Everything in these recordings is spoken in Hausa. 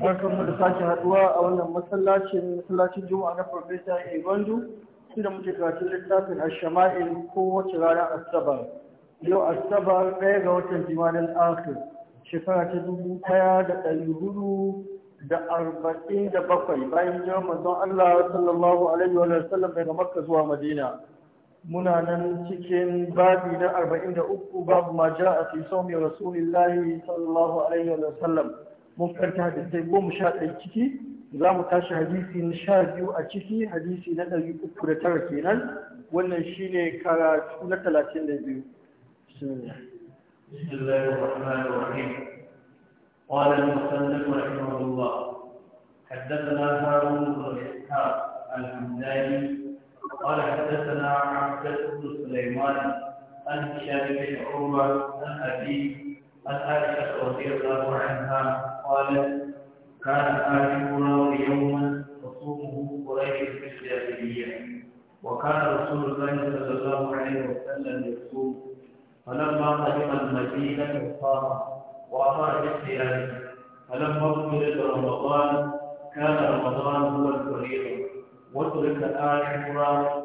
barkanmu da sake haduwa a wannan masallacin masallacin juma'a na profesa a su inda muke karatun littafin ashama'il ko wace ranar asabar yau asabar ɗaya ga watan jimanin akhir shekara ta dubu ɗaya da ɗari hudu da arba'in da bakwai bayan jiran manzon allah sallallahu alaihi wa sallam daga makka zuwa madina muna nan cikin babi na arba'in da uku babu ma ja'a fi saumi rasulillahi sallallahu alaihi wa sallam mun da hadisai goma sha ɗaya ciki za mu tashi hadisi na sha biyu a ciki hadisi na ɗari uku da tara kenan wannan shine karatu na talatin da biyu قال المصنف رحمه الله حدثنا هارون بن اسحاق الحمداني قال حدثنا عبد بن سليمان عن هشام بن عروه عن ابي عن عائشه رضي الله عنها قال كان آشورا يوما تصومه قريش في الجاهلية وكان رسول الله صلى الله عليه وسلم يصوم فلما قدم المدينة صام وأمر بالصيام فلما أكملت رمضان كان رمضان هو الفريضة واترك آشورا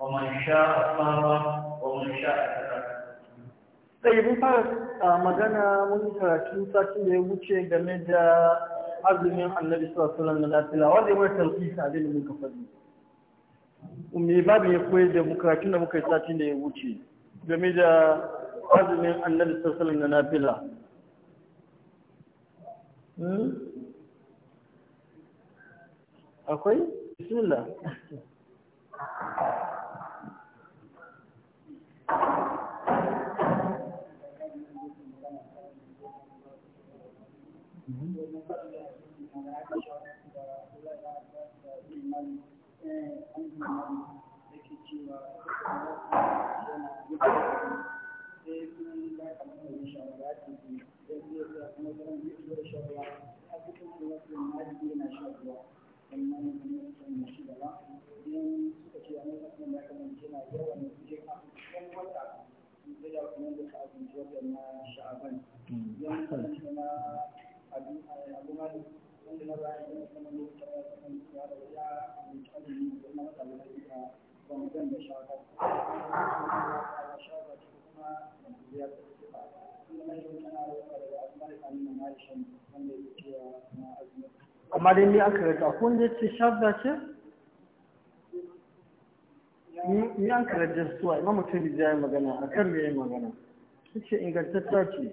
ومن شاء صام ومن شاء ترك. طيب a magana mun karatu satin da ya wuce game da azumin annabi sallallahu alaihi wasallam na lafiya wanda mai talqisa da mun ka faɗi me babu ya koyi da mu karatun da muka yi satin da ya wuce game da azumin annabi sallallahu alaihi wasallam na lafiya hmm? akwai bismillah na Thank you. amma dai ni aka rage kun da ce shadda ce? ni an karajar suwa imam mutum da ya magana a kan da ya magana ce ingantattaki.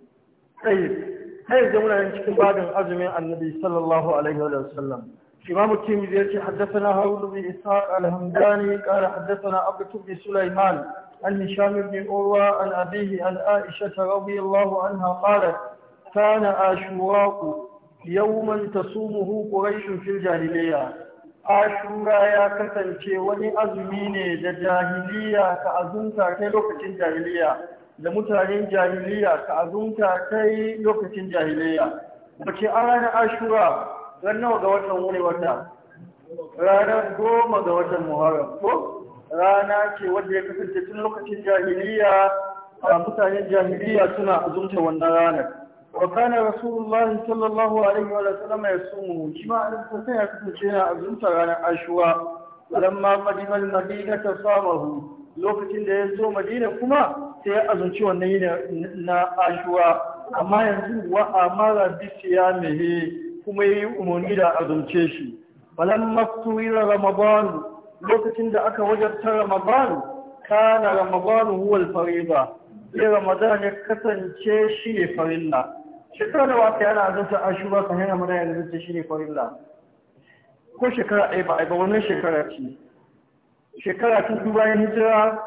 tsaye sai da wurin cikin babin azumin annabi sallallahu alaihi wa sallam imamu tirmidhi yace haddathana harun bin ishaq al-hamdani qala haddathana abdu bin sulaiman an hisham bin urwa an abihi an aisha radhiyallahu anha qalat kana ashuraqu yawman tasumuhu quraish fil jahiliyya ashura ya kasance wani azumi ne da jahiliyya ta azumta kai lokacin jahiliyya da mutanen jahiliya ka azunta kai lokacin jahiliya wace a ranar ashura Ranar nawa ga watan wuri wata ranar goma ga watan muharram ko rana ce wadda ya kasance tun lokacin jahiliya a mutanen jahiliya suna azunta wannan ranar wa kana rasulullahi sallallahu alaihi wa sallam ya sumu shi ma an sai ya kasance yana azunta ranar ashura lamma qadima al-madinata samahu lokacin da ya zo madina kuma sai ya azunci wannan yi na ashura amma yanzu wa amara ya mehe kuma yi umarni da azunce shi falan maftuira ramadan lokacin da aka wajabta ramadan kana ramadan huwa al-fariida sai ramadan ya kasance shi ne farilla shekara da wata yana azunta ashura kan yana mana yanzu shi ne farilla ko shekara ɗaya ba a ba wannan shekara ce shekara ta biyu bayan hijira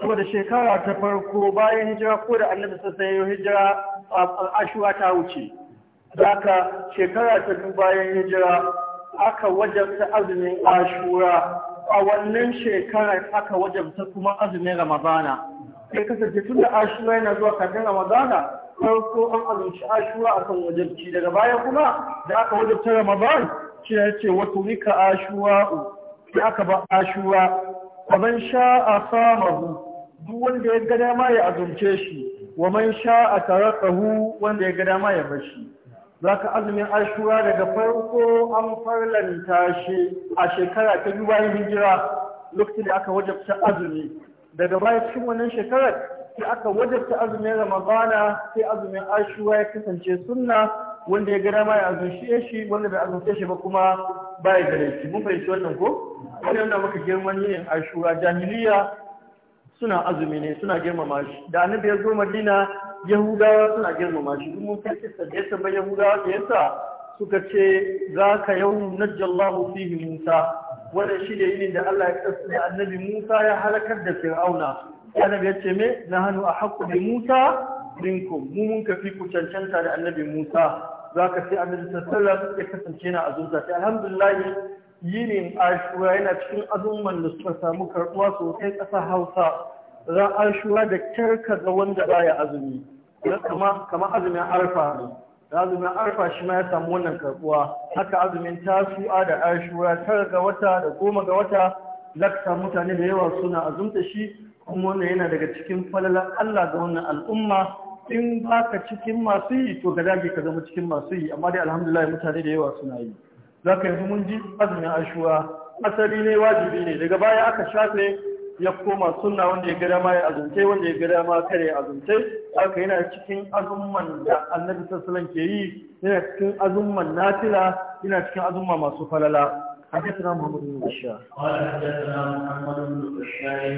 kuma da shekara ta farko bayan hijira ko da annabi sassan yau hijira ashura ta wuce zaka shekara ta biyu bayan hijira aka wajabta azumin ashura a wannan shekara aka wajabta kuma azumin ramadana sai kasance tun da ashura yana zuwa kafin ramadana farko an azumci ashura akan wajabci daga baya kuma da aka wajabta ramadan shi ne ce wa turika ashura sai aka ba ashura man sha'a samahu duk wanda ya ga dama ya azumce shi wa man sha'a tarakahu wanda ya ga dama ya bar shi zaka azumin ashura daga farko an farlanta shi a shekara ta biyu bayan hijira lokacin da aka wajabta azumi daga bayan cikin wannan shekarar sai aka wajabta azumin ramadana sai azumin ashura ya kasance sunna wanda ya ga dama ya azurce shi wanda bai azurce shi ba kuma ba ya gare shi mun fahimci wannan ko wanda yana maka girman yin ashura jahiliya suna azumi ne suna girmama shi da annabi ya zo madina yahudawa suna girmama shi mun kace ce sabbi yahudawa da yasa suka ce za ka yau najjallahu fihi musa wannan shi ne yinin da Allah ya kasu da annabi musa ya halakar da fir'auna annabi ya ce me na hannu a haƙƙo bi musa minkum mu mun fi ku cancanta da annabi Musa zaka sai annabi sallallahu ya kasance na azumta sai alhamdulillah yinin ashura yana cikin azumman da suka samu karbuwa sosai ƙasa Hausa za ashura da tarka ga wanda baya azumi Kuma azumin arfa ne azumin arfa shi ma ya samu wannan karbuwa haka azumin tasu'a da ashura tara ga wata da goma ga wata Laksa mutane da yawa suna azumta shi kuma wannan yana daga cikin falalar Allah ga wannan al'umma in ba ka cikin masu yi to ka dage ka zama cikin masu yi amma dai alhamdulillah mutane da yawa suna yi za ka yanzu mun ji azumin ashuwa asali ne wajibi ne daga baya aka shafe ya koma sunna wanda ya gada ma ya azumce wanda ya gada ma kare ya azumce aka yana cikin azumman da annabi sallallahu ke yi yana cikin azumman natila yana cikin azumma masu falala حدثنا محمد بن بشار قال حدثنا محمد بن بشار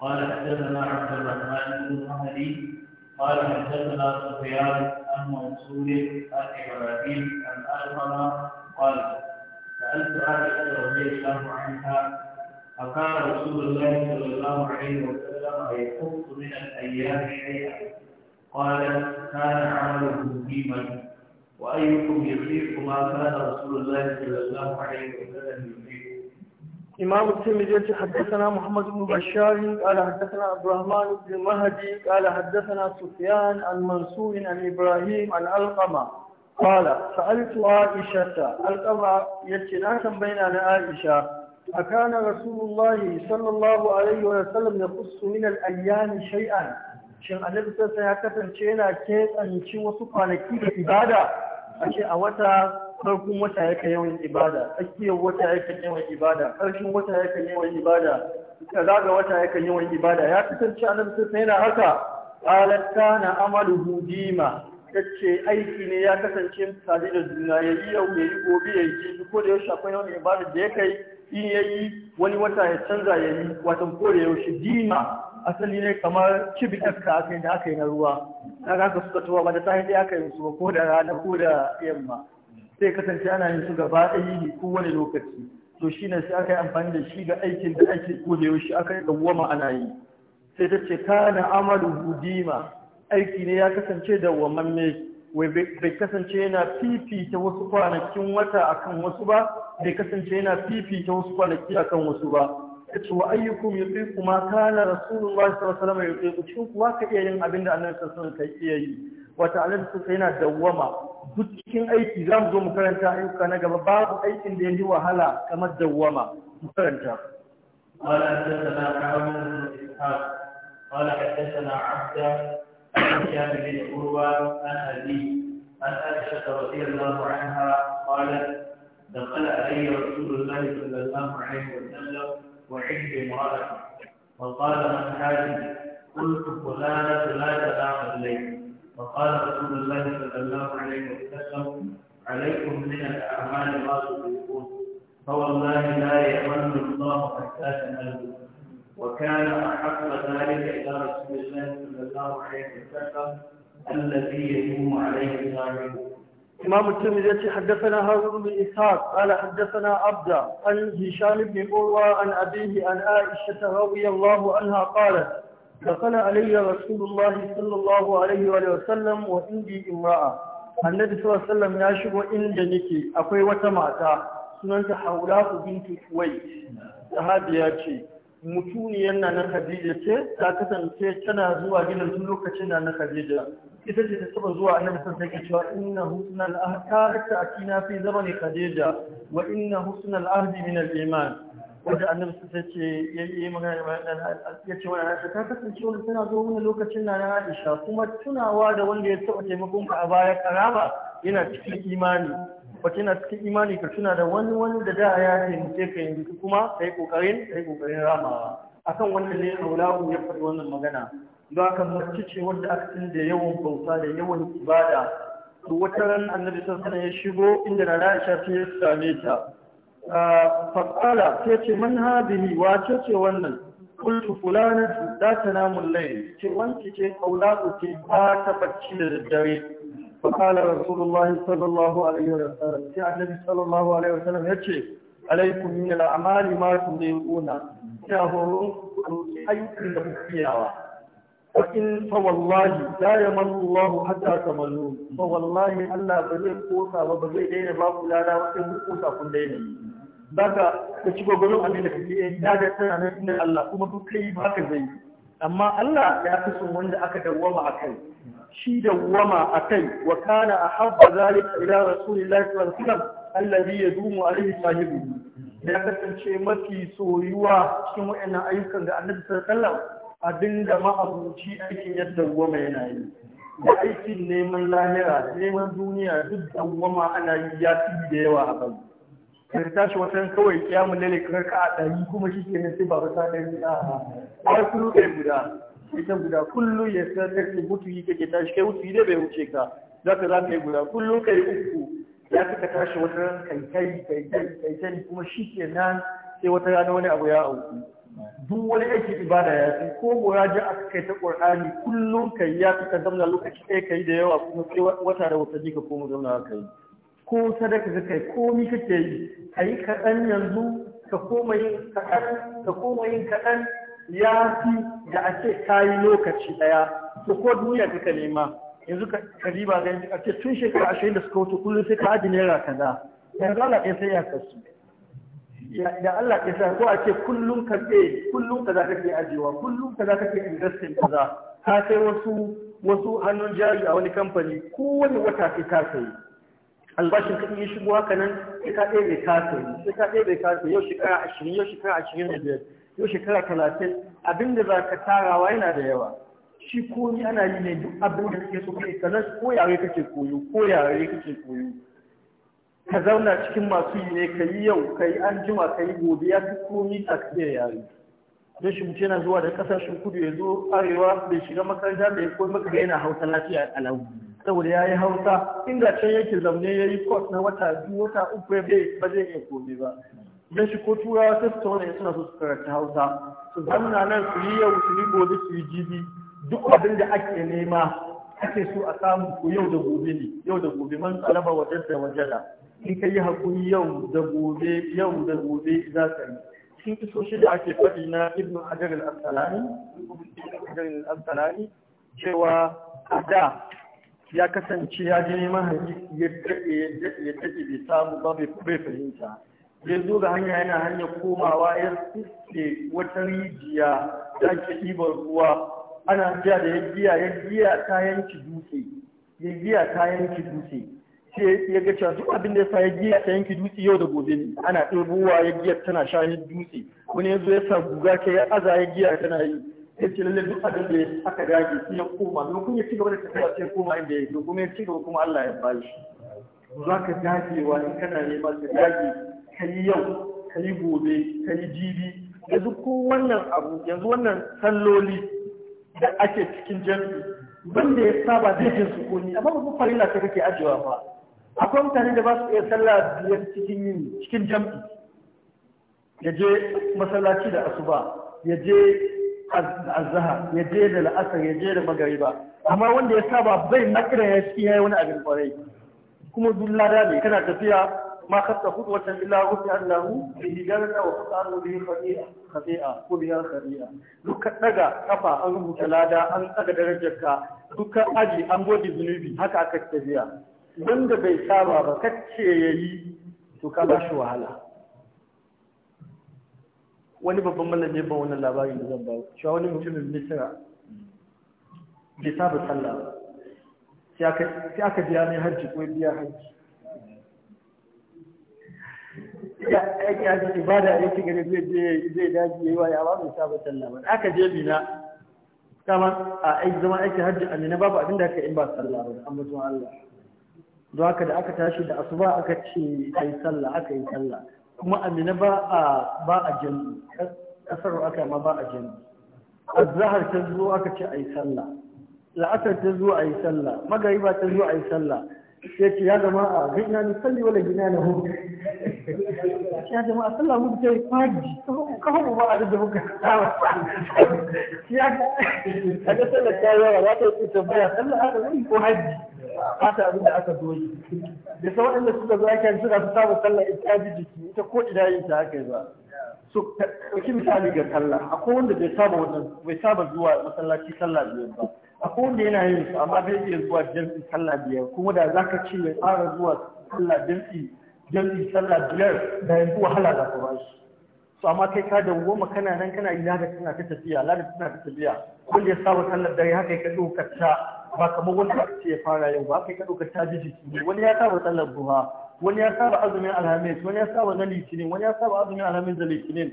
قال حدثنا عبد الرحمن بن محمد قال حدثنا سفيان عن منصور عن ابراهيم عن القمه قال سالت عائشه رضي الله عنها فقال رسول الله صلى الله عليه وسلم يحط من الايام شيئا قال كان عمله قيما وايكم يطيق ما كان رسول الله صلى الله عليه وسلم يطيق إمام الترمذي حدثنا محمد بن بشار قال حدثنا عبد الرحمن بن مهدي قال حدثنا سفيان عن منصور عن إبراهيم عن القمة قال سألت عائشة القمة يتناسا بين عائشة أكان رسول الله صلى الله عليه وسلم يقص من الأيام شيئا shin annabi sai ya kasance yana keɓance wasu kwanaki da ibada a ce a wata farkon wata kan yawan ibada tsakiyar wata kan yawan ibada ƙarshen wata kan yawan ibada kaza wata yawan ibada ya kasance annabi sai yana haka qalat kana amaluhu dima tace aiki ne ya kasance tare da juna yayi yau yayi gobe yayi ji ko da yaushe akwai yawan ibada da ya kai in yayi wani wata ya canza yayi wato ko da yaushe dima asali ne kamar cibitar ka aka yi da aka yi na ruwa na haka suka tuwa ba da safe aka yi su ko da rana ko da yamma sai kasance ana yin su gaba ɗaya ne kowane lokaci to shi ne sai aka yi amfani da shi ga aikin da ake kodewa shi aka yi dawwama ana yi sai ta ce kana amalu hudima aiki ne ya kasance ne wai bai kasance yana fifita wasu kwanakin wata akan wasu ba bai kasance yana fifita wasu kwanaki akan wasu ba yace wa ayyukum yuqiqu ma kana rasulullahi sallallahu alaihi wasallam yuqiqu cikin kuwa ka iya yin abinda da annabi sallallahu alaihi wasallam kai iya yi wata annabi yana dawwama duk cikin aiki za mu zo mu karanta ayyuka na gaba babu aikin da ya yi wahala kamar dawwama mu karanta. Wala haddasa na Ahmad bin Ishaq wala haddasa na Abda an ya bi da urwa an ali an Aisha ta wasiyar na Muhammadu wala da kala alayya Rasulullahi sallallahu alaihi wa sallam wa hibbi mu'arafa wa qala man haji qultu fulana fulana da ahlai فقال رسول الله صلى الله عليه وسلم عليكم من الأعمال ما تطيقون فوالله لا يأمن الله حتى تنالوا وكان أحق ذلك إلى رسول الله صلى الله عليه وسلم الذي يقوم عليه صاحبه إمام الترمذي حدثنا هارون بن إسحاق قال حدثنا أبدا عن هشام بن عروة عن أبيه عن عائشة رضي الله عنها قالت دخل علي رسول الله صلى الله عليه وسلم وعندي امرأة النبي صلى الله عليه وسلم يا شيخ جنكي أقوي وتمعتا سننت حولاء بنت كويت sahabiya mutuniyar yana na Khadija ce ta kasance tana zuwa gidan tun lokacin na na Khadija ita ce ta saba zuwa annabi sun take cewa inna husnal ahdi ta atina fi zamani Khadija wa inna husnal ahdi min al-iman wanda annabi ta ce yi magana ya ce wannan ta kasance wani tana zo wani lokacin na na Aisha kuma tunawa da wanda ya taɓa taimakonka a baya karama yana cikin imani wacce yana cikin imani ka tuna da wani wani da da ya taimake ka yanzu kuma kai kokarin yi kokarin ramawa akan wannan ne Aulahu ya faɗi wannan magana don haka mace ce wanda aka da yawan bauta da yawan ibada to wata ran annabi sallallahu alaihi ya shigo inda na Aisha ta same ta faƙala ce ce man wace ce wannan kultu fulana da ta namun lai ce wanki ce kaulaku ce ba ta bacci da daddare faƙala rasulullah sallallahu alaihi wa sallam sai annabi sallallahu alaihi wa sallam ya ce alaikum min al'amali ma tudiquna ya horo ayyukan da kuke yawa وإن فوالله لا يمن الله حتى تمنون فوالله ألا بذيء قوسا وبذيء دين الله لا لا وإن قوسا kun daina. ba ka ci gogoron abin da kake yi eh, da da tana nan inda Allah kuma duk kai ba ka zai amma Allah ya fi son wanda aka dawwama a kai shi dawwama a kai wa kana ahabba zalika ila rasulillahi sallallahu alaihi wasallam alladhi yadumu alaihi Da ya kasance mafi soyuwa cikin wa'annan ayyukan da annabi sallallahu alaihi wasallam abin da ma'abuci aikin yadda dawwama yana yi da aikin neman lahira neman duniya duk dawwama ana yi ya fi da yawa a kansu da tashi wata kawai kiyamun lalle kar ka a ɗari kuma shi ke nasi ba ta ɗari a har kullu ɗaya guda ita guda kullum ya sa ta ke mutu yi kake tashi kai mutu ne bai wuce ka za ka za ka yi guda kullum kai uku ya ka tashi wata kai kai kai kai kai kuma shi ke nan sai wata rana wani abu ya auku duk wani aiki ibada ya fi ko muraji aka kai ta qur'ani kullum kai ya fi ka zamna lokaci ɗaya kai da yawa kuma sai wata da wata jika ko mu zamna kai ko sadaka ka kai komi kake yi ka yi kaɗan yanzu ka koma yin kaɗan ka koma yin kaɗan ya fi da a ce ka yi lokaci ɗaya to ko duniya kaka nema yanzu ka riba ga yanzu a ce tun shekara ashirin da suka wuce kullum sai ka aji naira kaza yanzu Allah ɗaya sai ya kasu da Allah ɗaya sai ko a ce kullum ka ɗe kullum kaza kake ajiyewa kullum kaza kake investing kaza ka sai wasu wasu hannun jari a wani kamfani kowane wata sai ka sayi albashin ka ya shigo haka nan sai ka ɗaya bai kasa sai ka bai kasa yau shekara ashirin yau shekara ashirin da biyar yau shekara talatin abin da za ka tarawa yana da yawa shi komi ana yi ne duk abin da kake so kai sannan ko yare kake koyo ko yare kake koyo ka zauna cikin masu yi ne ka yi yau ka yi an jima ka yi gobe ya fi komi a kasiyar yare don shi mutum yana zuwa da kasashen kudu ya zo arewa bai shiga makaranta bai koyi maka yana hausa lafiya a saboda ya yi hausa inda can yake zaune ya yi kwas na wata biyu wata uku ya bai ba zai iya komai ba don shi ko turawa sai su tauna suna so su karanta hausa su zamana nan su yi yau su yi gobe su yi jibi duk abin da ake nema ake so a samu ko yau da gobe ne yau da gobe man talaba wajen da wajena in ka yi hakuri yau da gobe yau da gobe za ka yi cikin kisoshi da ake faɗi na ibnu hajar al-asqalani cewa a da ya kasance ya ji neman hadisi ya daɗe ya daɗe bai samu ba bai fahimta ya zo ga hanya yana hanyar komawa ya tsitse wata rijiya da ake ɗibar ruwa ana jiya da ya giya ya giya ta yanki dutse ya giya ta yanki dutse sai ya ga cewa duk abin da ya sa ya giya ta yanki dutse yau da gobe ne ana ɗin ruwa ya giya tana shayar dutse wani ya zo ya sa guga ke ya aza ya giya tana yi ya lalle duk abin da aka dage shi ya koma don kun ya ci gaba da tafiya sai koma inda ya kuma ya ci gaba kuma Allah ya ba za ka dagewa in kana nema ka dage ka yi yau ka yi gobe ka yi jibi yanzu ko wannan abu yanzu wannan salloli da ake cikin jami'i banda ya saba da jin sukuni amma ba farilla ta kake ajiyewa ba akwai mutane da ba su iya sallah biyar cikin yin cikin jami'i ya je masallaci da asuba ya je azzaha ya je da la'asar ya je da magariba amma wanda ya saba bai makira ya shi yayi wani abin kwarai kuma lada ne kana tafiya ma kasta hudu wata illa rufi allahu bi hijarata wa fasaru bi khati'a khati'a ko bi khati'a duka daga kafa an rubuta lada an daga darajar ka duka aji an gode zunubi haka aka tafiya wanda bai saba ba kacce yayi to ka ba shi wahala wani babban malami ba wannan labarin da zan ba shi wani mutumin misira bai saba sallah ba sai aka biya mai hajji ko biya hajji ya aiki hajji ibada a ci gari zai je zai daji yayi wa yawa bai saba sallah ba aka je mina kama a aiki zama aiki hajji a mina babu abinda aka yi ba sallah ba amma zuwa Allah don haka da aka tashi da asuba aka ce ai sallah aka yi sallah kuma amina ba a ba a jami kasar aka ma ba a jami azhar ta zo aka ce ayi sallah la'asar ta zo ayi sallah magariba ta zo ayi sallah sai ce ya zama jama'a gina ni salli wala gina na hu ya zama a sallah mu ta yi kwaji kafa mu ba a da muka tsawa ya ga sallah ta yawa za ta yi tambaya sallah aka ko Haji. fata abin da aka zo yi da sa waɗanda suka zo aka suna su saba sallah ita ji jiki ita ko ina yin ta yi ba so ɗauki misali ga sallah akwai wanda bai saba wannan bai saba zuwa masallaci sallah biyar ba akwai wanda yana yin su amma bai iya zuwa jam'i sallah biyar kuma da zaka ce ya fara zuwa sallah jam'i jam'i sallah biyar da yanzu wahala za kuma shi so amma kai ka dawo kana nan kana ina da kana ta tafiya lada tana ta tafiya kun ya saba sallar dare haka ya dokata ba kamar wanda aka ce ya fara yau ba kai ka ɗauka ta ji jiki ne wani ya saba sallar duha wani ya saba azumin alhamis wani ya saba na litinin wani ya saba azumin alhamis da litinin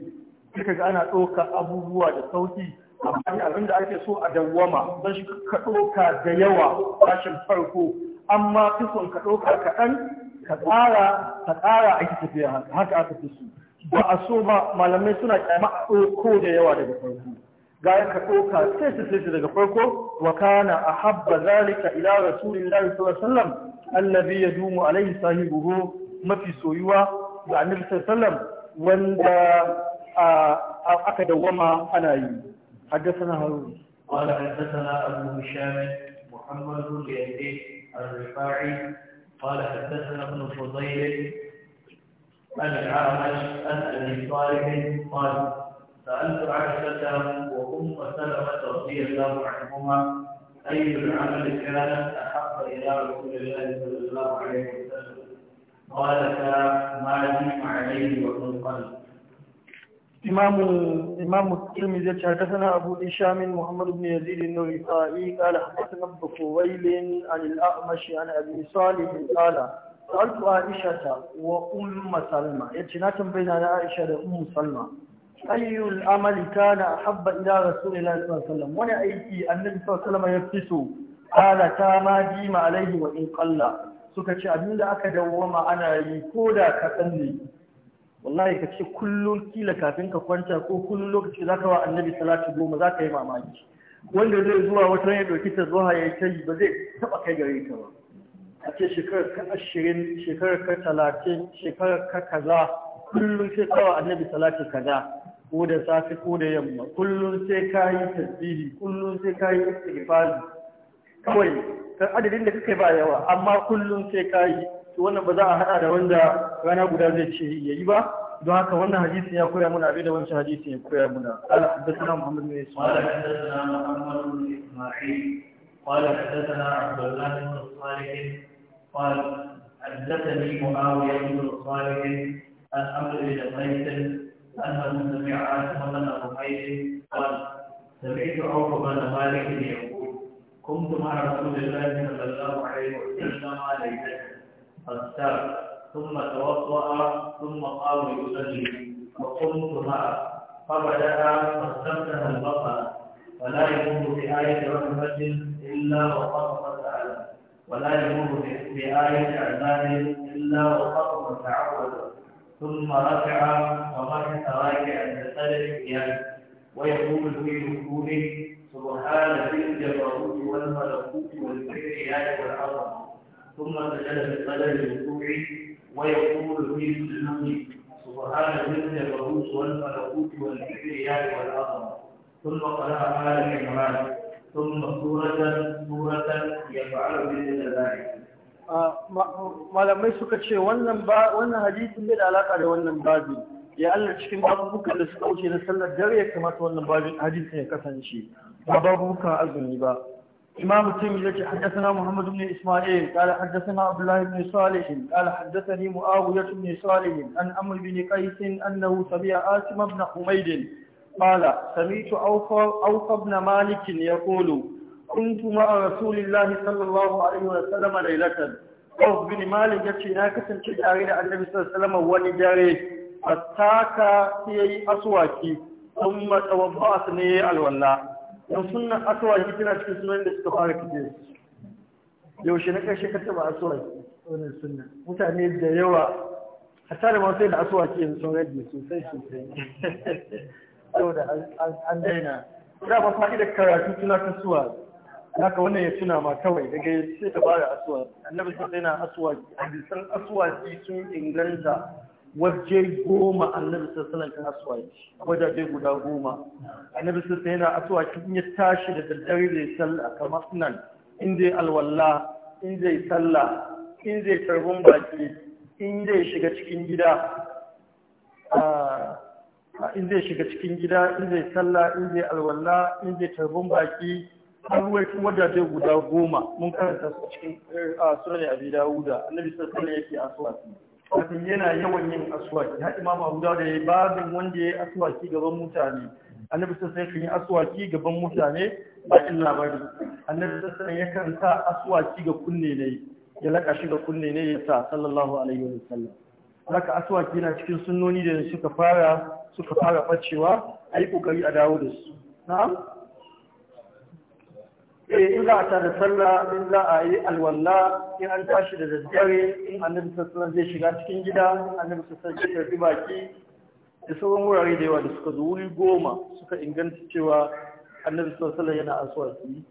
duka ga ana doka abubuwa da sauki amma abin da ake so a dawwama dan shi ka doka da yawa bashin farko amma fi ka ɗauka kaɗan ka tsara ka ƙara ake tafiya haka aka fi so ba a so ba malamai suna ƙyama a ɗauko da yawa daga farko ga ka ɗauka sai su sai su daga farko wa kana a habba zalika ila rasulillahi sallallahu alaihi wasallam allazi yadumu alaihi sahibuhu mafi soyuwa ga annabi sallallahu wanda aka dawwama ana yi haddathana harun قال حدثنا أبو هشام محمد بن يزيد الرفاعي قال حدثنا ابن فضيل al العامش عن أبي طالب قال سألت عائشة وأم سلمة رضي الله عنهما أي العمل كان أحق إلى رسول الله صلى الله عليه وسلم قالت ما ديم عليه وكن قلب إمام الإمام الترمذي حدثنا أبو هشام محمد بن يزيد النريطائي قال حدثنا ابن فويل عن الأعمش عن أبي صالح قال سألت عائشة وأم سلمة يتناتم بين عائشة وأم سلمة ayyul amali kana ahabba ila rasulillahi sallallahu alaihi wasallam wani aiki annabi sallallahu alaihi wasallam ya fito. Ala ta ma jima alaihi wa in qalla suka ce abinda aka dawwama ana yi ko da ka tsanne wallahi ka ce kullum kila kafin ka kwanta ko kullum lokaci zaka wa annabi salatu goma zaka yi mamaki wanda zai zuwa wata ya dauki ta zuwa ya yi ba zai taba kai gare ka ba a ce shekarar ka ashirin shekarar ka talatin shekarar ka kaza kullum sai kawa annabi salatu kaza ko da safe ko da yamma kullum sai ka yi tasbihi kullum sai ka yi istighfari kawai kan adadin da kake ba yawa amma kullum sai ka yi to wannan ba za a hada da wanda rana guda zai ce yayi ba don haka wannan hadisin ya koya muna abin da wancan hadisin ya koya muna qala hadathana muhammad bin isma'il qala hadathana muhammad bin isma'il qala hadathana abdullah bin salih qala hadathani muawiya bin salih an amr bin qais أنه سمع آدم بن رقيق قال سمعت عوف بن مالك يقول كنت مع رسول الله صلى الله عليه وسلم ليلة فاستار ثم توضأ ثم قام يصلي وقمت معه فبدأ فاستفتح البصر ولا يمر بآية رحمة إلا وخطفت أعلم ولا يمر بآية عذاب إلا وخطفت تعوذ ثم رفع ومكث راكعا لثلاث قيام ويقول في ركوعه سبحان ذي الجبروت والملكوت والكبرياء والعظمه ثم سجد في صلاه الركوع ويقول في سجوده سبحان ذي الجبروت والملكوت والكبرياء والعظمه ثم قرأ آل عمران ثم سورة سورة يفعل بذل ذلك malamai suka ce wannan hadisin ne da alaƙa da wannan babi ya Allah cikin babbukan da suka wuce na sallar dare ya kamata wannan babin hadisin ya kasance ba babbukan azumi ba imam mutum ce haddasa muhammad ibn isma'il qala haddathana abdullah ibn salih qala haddathani muawiya ibn salih an amr ibn qais annahu sami'a asim ibn humayd qala sami'tu awfa awfa ibn malik yaqulu كنت مع رسول الله صلى الله عليه وسلم ليلة أوف بن مالك يتشي ناكسا تدعين عن النبي صلى الله عليه وسلم ونجاري أتاكا في أي أسواكي ثم توضعتني سنيئي الولاء يوصلنا أسواكي تنا تكي سنين لستخارك جيس يوشي نكاشي كتب أسواكي wannan متعني mutane da yawa a tare ma sai da asuwaki yanzu sun rage sosai sosai saboda an da ba faɗi karatu suna ta suwa haka wannan ya tuna ma kawai daga ya ce da asuwa annabi sai yana asuwa hadisan aswaki sun inganta waje goma annabi sallallahu asuwa aswaki wajaje guda goma annabi sai yana aswaki in ya tashi da daddare zai sallah kamar nan in zai alwala in zai sallah in zai karbun baki ah, in zai shiga cikin gida in zai shiga cikin gida in zai sallah in zai alwala in zai karbun baki an ruwaito wajaje guda goma mun karanta su cikin eh, sunan abi dawuda annabi sallallahu alaihi wasallam yake aswaki wato yana yawan yin aswaki har imam abu dawuda yayi babin wanda yayi aswaki gaban mutane annabi sallallahu alaihi wasallam yakan aswaki gaban mutane ba illa bari annabi sallallahu alaihi wasallam yakan sa aswaki ga kunne ne ya laka shi ga kunne ne ya sa sallallahu alaihi wasallam haka aswaki yana cikin sunnoni da suka fara suka fara bacewa ayi kokari a dawo da su na'am Eh, in za a tada sallah in za a yi alwalla, in an tashi da daddare in annabi sassan zai shiga cikin gida in annabi sassan zai karbi baki da sauran wurare da yawa da suka zo wuri goma suka inganta cewa annabi sassan yana aswaki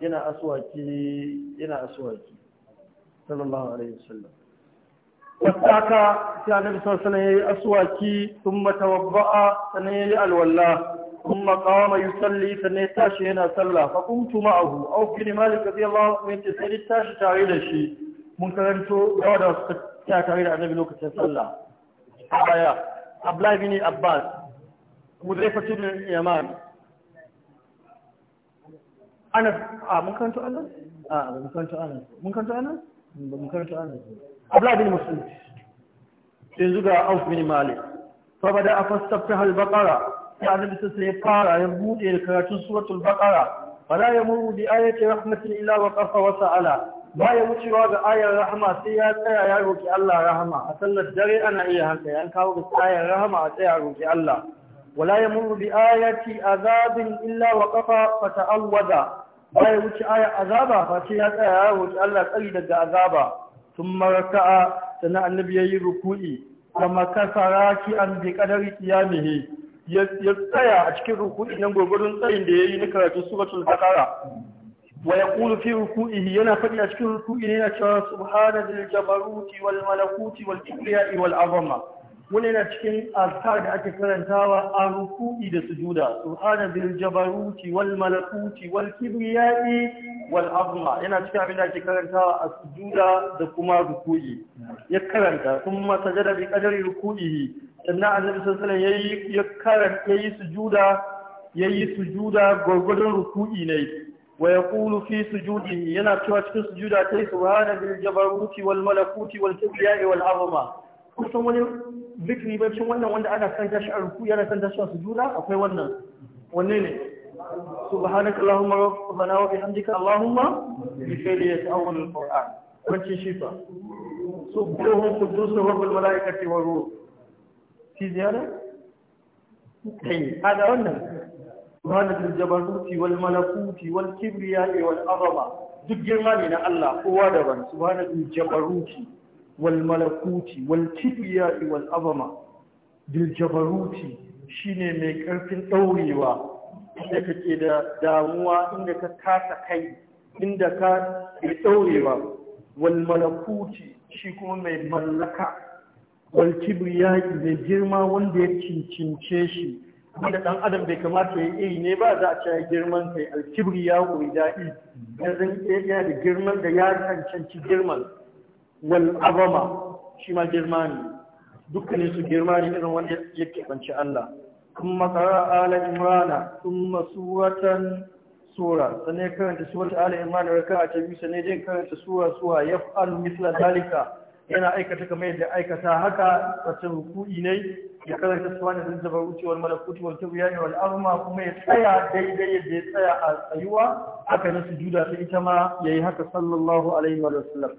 yana aswaki yana aswaki sallallahu alaihi wasallam wasaka sai annabi sassan ya yi aswaki sun matawabba'a sannan ya yi alwala ثم قام يصلي فنيتاش هنا صلى فقمت معه أو بن مالك رضي الله عنه من تسير التاشي تعيد شيء من كرنتو يودا تعيد عن النبي لوكس صلى آية أبلاي بن عباس مدرفة بن اليمان انا آه من كرنتو آه من تؤلم ممكن من كرنتو أنس من أبلاي بن مسلم يزوجها أوف بن مالك فبدأ فاستفتح البقرة da annabi sai ya fara ya buɗe da karatun suratul baqara fala yamuru bi ayati rahmatin illa wa qafa wa sa'ala baya wucewa ga ayar rahama sai ya tsaya ya roƙi Allah rahama a sallar dare ana iya haka yan kawo ga ayar rahama a tsaya roƙi Allah wala ya yamuru bi ayati azabin illa wa qafa fa ta'awwada ya wuce ayar azaba fa sai ya tsaya ya roƙi Allah tsari daga azaba thumma raka'a sannan annabi yayi ruku'i kama kasara ki an bi qadari qiyamihi ya tsaya a cikin ruku'i nan gurgurun tsayin da ya yayi na karatun suratul baqara wa yaqulu fi ruku'ihi yana faɗi a cikin ruku'i ne yana cewa subhana dil jabaruti wal malakuti wal kibriya wal azama wani yana cikin azkar da ake karantawa a ruku'i da sujuda subhana dil jabaruti wal malakuti wal kibriya wal azama yana cikin abin da ake karantawa a sujuda da kuma ruku'i ya karanta kuma sajada bi qadari ruku'ihi sannan annabi sallallahu alaihi wasallam yayi kara yayi sujuda yayi sujuda gurgurdan ruku'i ne wa yaqulu fi sujudi yana cewa cikin sujuda tai subhana bil jabaruti wal malakuti wal kibriya wal azama kusan wani zikri bai cikin wannan wanda ana san tashi a ruku'i yana san tashi a sujuda akwai wannan wanne ne subhanaka allahumma rabbana wa bihamdika allahumma bi fadlika ta'awwal al-qur'an wancin shifa subhanahu qudusuhu fi ziyara kai hada wannan subhanahu jabaruti wal malakuti wal kibriya wal azama duk girma ne na Allah kowa daban subhanahu jabaruti wal malakuti wal kibriya wal azama dil shi ne mai ƙarfin daurewa inda kake da damuwa inda ka kasa kai inda ka daurewa wal malakuti shi kuma mai mallaka wal yi zai girma wanda ya cincince shi wanda dan adam bai kamata ya yi ne ba za a ce girman kai al ya ko da'i yanzu yana da girman da ya cancanci girman wal abama shi ma girma ne dukkanin su girma ne irin wanda ya keɓanci Allah kuma qara'a ala imrana kuma suratan sura sannan karanta surat ala imrana raka'a bisa ne sannan karanta suwa suwa alu misla dalika yana aikata kamar yadda aikata haka wacin ruku'i ne ya karanta suwa da zazzabar wucewar malakuti wal tabiya ne wal azma kuma ya tsaya daidai yadda ya tsaya a tsayuwa haka na sujuda ta ita ma ya yi haka sallallahu alaihi wa sallam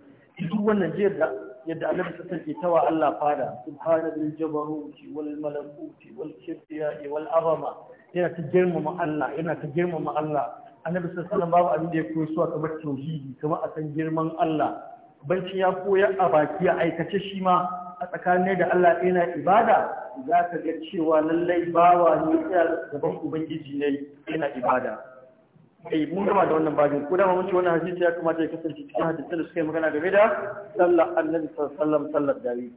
duk wannan jiyar da yadda annabi ta sake tawa Allah fada subhanal jabaruti wal malakuti wal kibriya wal azama yana ta girmama Allah yana ta girmama Allah annabi sallallahu alaihi wa sallam babu abin da ya koyi suwa kamar tauhidi kamar a san girman Allah bancin ya koya a baki a aikace shi ma a tsakanin da Allah yana ibada za ka ga cewa lallai bawa ne ya gaban ubangiji ne yana ibada ai mun gama da wannan babin ko da mun ci wannan hadisi ya kamata ya kasance cikin hadisin da suka yi magana game da sallar annabi sallallahu alaihi wasallam sallar dare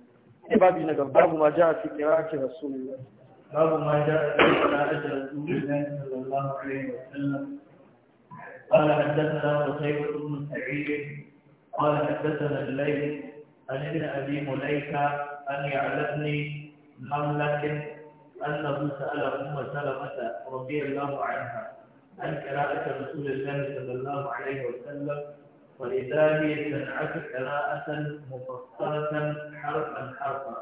sai babi na gaba babu ma ja'a fi qira'ati rasulullah babu ma ja'a fi qira'ati rasulullah sallallahu alaihi wasallam قال حدثنا قتيبة بن سعيد قال حدثنا الليل عن ابن أبي مليكة أن يعلمني مملك أنه سأل أم سلمة رضي الله عنها عن قراءة رسول الله صلى الله عليه وسلم وإذا هي سمعت قراءة مفصلة حرفا حرفا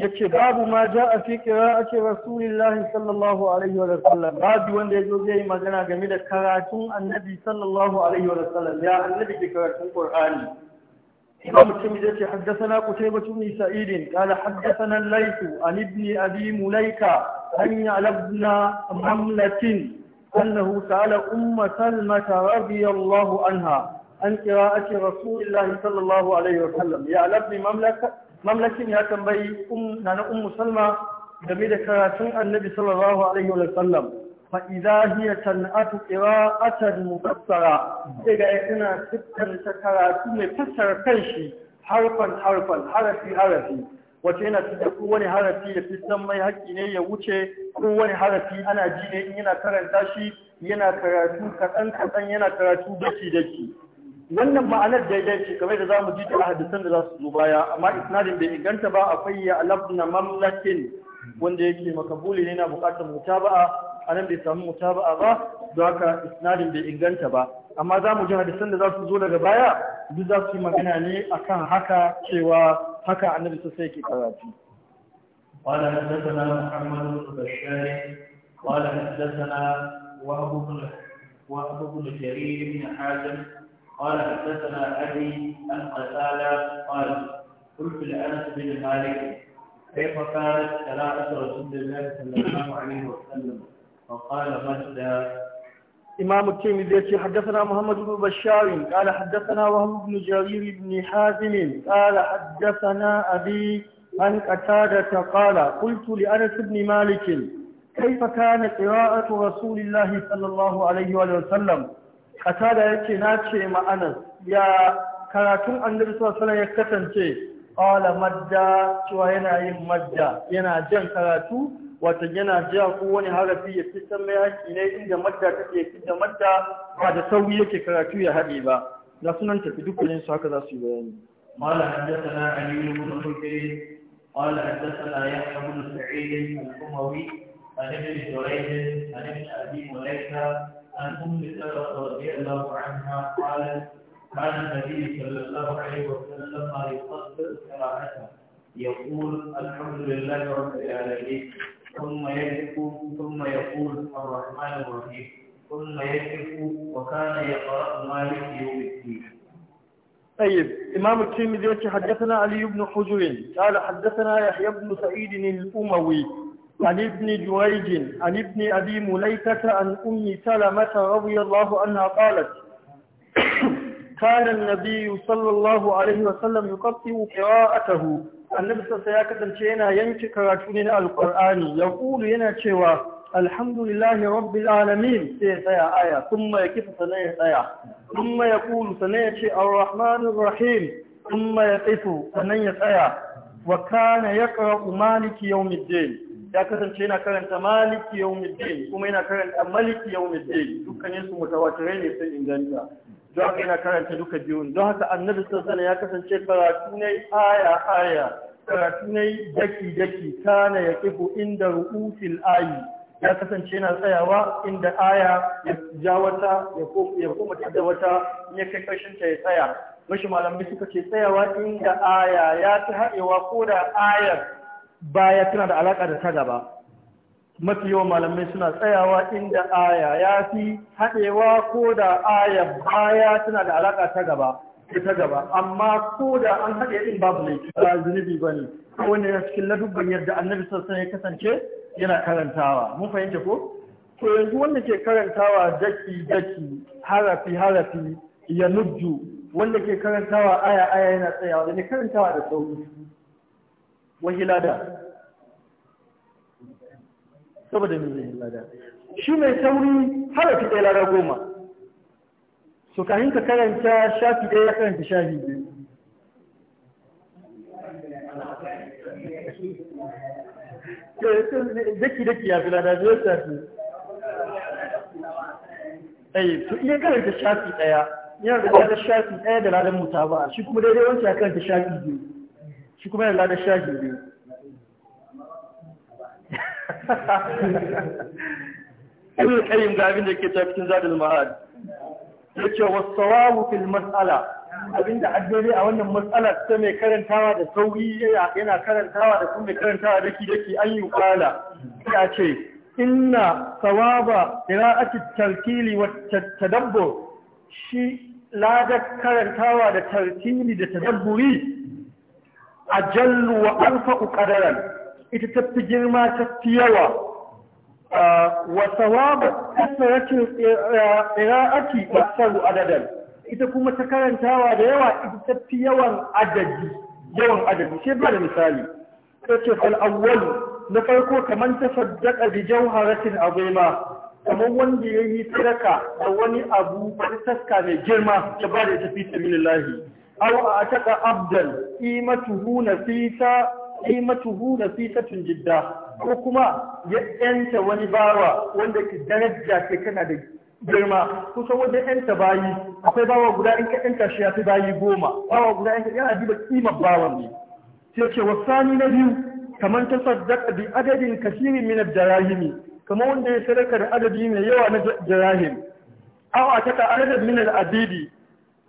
yace babu ma ja a fi qira'ati rasulillahi sallallahu alaihi wa sallam babu wanda yazo zai magana game da karatun annabi sallallahu alaihi wa sallam ya annabi ke karatun qur'ani imam mutum yace haddathana qutaybah ibn sa'id qala haddathana al-layth an ibn abi mulaika an ya'labna mamlatin أنه سأل أم سلمة رضي الله عنها عن قراءة رسول الله صلى الله عليه وسلم يعلم بمملكة mamlakin ya tambayi um, nana ummu salma game da karatun annabi sallallahu alaihi wa sallam fa idza hiya tan'atu qira'atan mufassara sai ga ina ta karatu mai fassara kanshi harfan harfan harafi harafi wace yana cikin kowane harafi ya fi san mai haƙƙi ne ya wuce kowane harafi ana ji ne in yana karanta shi yana karatu kaɗan kaɗan yana karatu daki daki wannan ma'anar daidai ce kamar da zamu ji a hadisan da za su zo baya amma isnadin bai inganta ba akwai ya alabna mamlakin wanda yake makabuli ne na bukatar mutaba'a anan bai samu mutaba'a ba don haka isnadin bai inganta ba amma za mu ji hadisan da za su zo daga baya duk za su yi magana ne akan haka cewa haka annabi sosai ke karatu قال حدثنا محمد بن بشار قال حدثنا وهب بن وهب بن جرير بن حازم قال حدثنا أبي عن قتالة قال قلت لأنس بن مالك كيف كانت قراءة رسول الله صلى الله عليه وسلم فقال مجدا إمام الترمذي حدثنا محمد بن بشار قال حدثنا وهم بن جرير بن حازم قال حدثنا أبي عن قتادة قال قلت لأنس بن مالك كيف كانت قراءة رسول الله صلى الله عليه وسلم qatada yake na ce ma'anar ya karatun annabi sallallahu alaihi ya kasance qala madda cewa yana yin madda yana jan karatu wato yana jiya ko wani harafi ya fitar mai haki ne inda madda take fitar madda ba da sauri yake karatu ya haɗe ba Na sunan tafi dukkanin su haka za su yi bayani قال حدثنا علي بن حجر قال حدثنا يحيى بن سعيد الاموي عن ابن جريج عن ابن ابي مليكه عن أم سلمة رضي الله عنها قالت كان النبي صلى الله عليه وسلم يفضل كراهته يقول الحمد لله رب العالمين ثم يهدف ثم يقول الرحمن الرحيم ثم يهدف وكان يقرأ مالك يوم الدين طيب إمام الترمذي حدثنا علي بن حجر قال حدثنا يحيى بن سعيد الأموي عن ابن جريج عن ابن أبي مليكة عن أم سلمة رضي الله عنها قالت كان النبي صلى الله عليه وسلم يقطع قراءته النبي صلى الله عليه وسلم ينا ينكي كراتون القرآن يقول ينا شوى الحمد لله رب العالمين سيطيع آية ثم يكف سنيطيع ثم يقول سنيطيع الرحمن الرحيم ثم يقف سنيطيع وكان يقرأ مالك يوم الدين ya kasance yana karanta maliki yawmiddin kuma yana karanta maliki yawmiddin dukkanin su mutawatirai ne sun inganta don haka yana karanta duka biyun don haka annabi sallallahu ya kasance karatu ne aya aya karatu ne daki daki kana yaqifu inda ru'usil ayi ya kasance yana tsayawa inda aya ya ja wata ya koma da wata ya kai karshen ta ya tsaya mashi malamai suka ce tsayawa inda aya ya ta haɗewa ko da ayar baya tana da alaƙa da ta gaba mafi yawan malamai suna tsayawa inda aya ya fi haɗewa ko da aya baya tana da alaƙa ta gaba ta gaba amma ko da an haɗe in babu laifi ba zunubi ba ne wanda ya cikin ladubban yadda annabi sassan ya kasance yana karantawa mun fahimta ko to yanzu wanda ke karantawa daki daki harafi harafi ya nujju wanda ke karantawa aya aya yana tsayawa da ne karantawa da sauri wahi lada saboda mai zai lada shi mai sauri harafi ɗaya lada goma so kahin ka karanta shafi ɗaya ya karanta shafi biyu daki daki ya fi lada biyar shafi ɗaya eh, to iya karanta shafi ɗaya yana da lada shafi ɗaya da ladan mutaba shi kuma daidai wancan ya karanta shafi biyu shi kuma yana da shahi biyu ibn qayyim ga abin da yake ta cikin zadul ma'ad ce wa sawabu fil mas'ala abinda addini a wannan mas'alar ta mai karantawa da sauri yana karantawa da kuma karantawa daki daki an yi kwala ya ce inna sawaba qira'ati tartili wa tadabbur shi ladar karantawa da tartili da tadabburi A ajallu wa alfa qadaran ita ta fi girma ta fi yawa wa sawabat kasaratin qira'ati aksaru adadan ita kuma ta karantawa da yawa ita ta fi yawan adadi yawan adadi sai ba da misali ta ce awwal na farko kamar ta tasaddaqa bi jawharatin azima kamar wanda ya yi sadaka da wani abu ta taska mai girma ta ba da ita fi sabilillahi aw a ataka abdan qimatuhu nafisa qimatuhu nafisatun jidda ko kuma ya yanta wani bawa wanda ki daraja ce kana da girma kusan wajen yanta bayi akwai bawa guda in ka yanta shi ya fi bayi goma bawa guda in ka yana duba kimar bawan ne sai ce wasani na biyu kamar ta saddaka bi adadin kasirin min darahimi kamar wanda ya sadaka da adadi mai yawa na darahim aw ataka adadin min al-adidi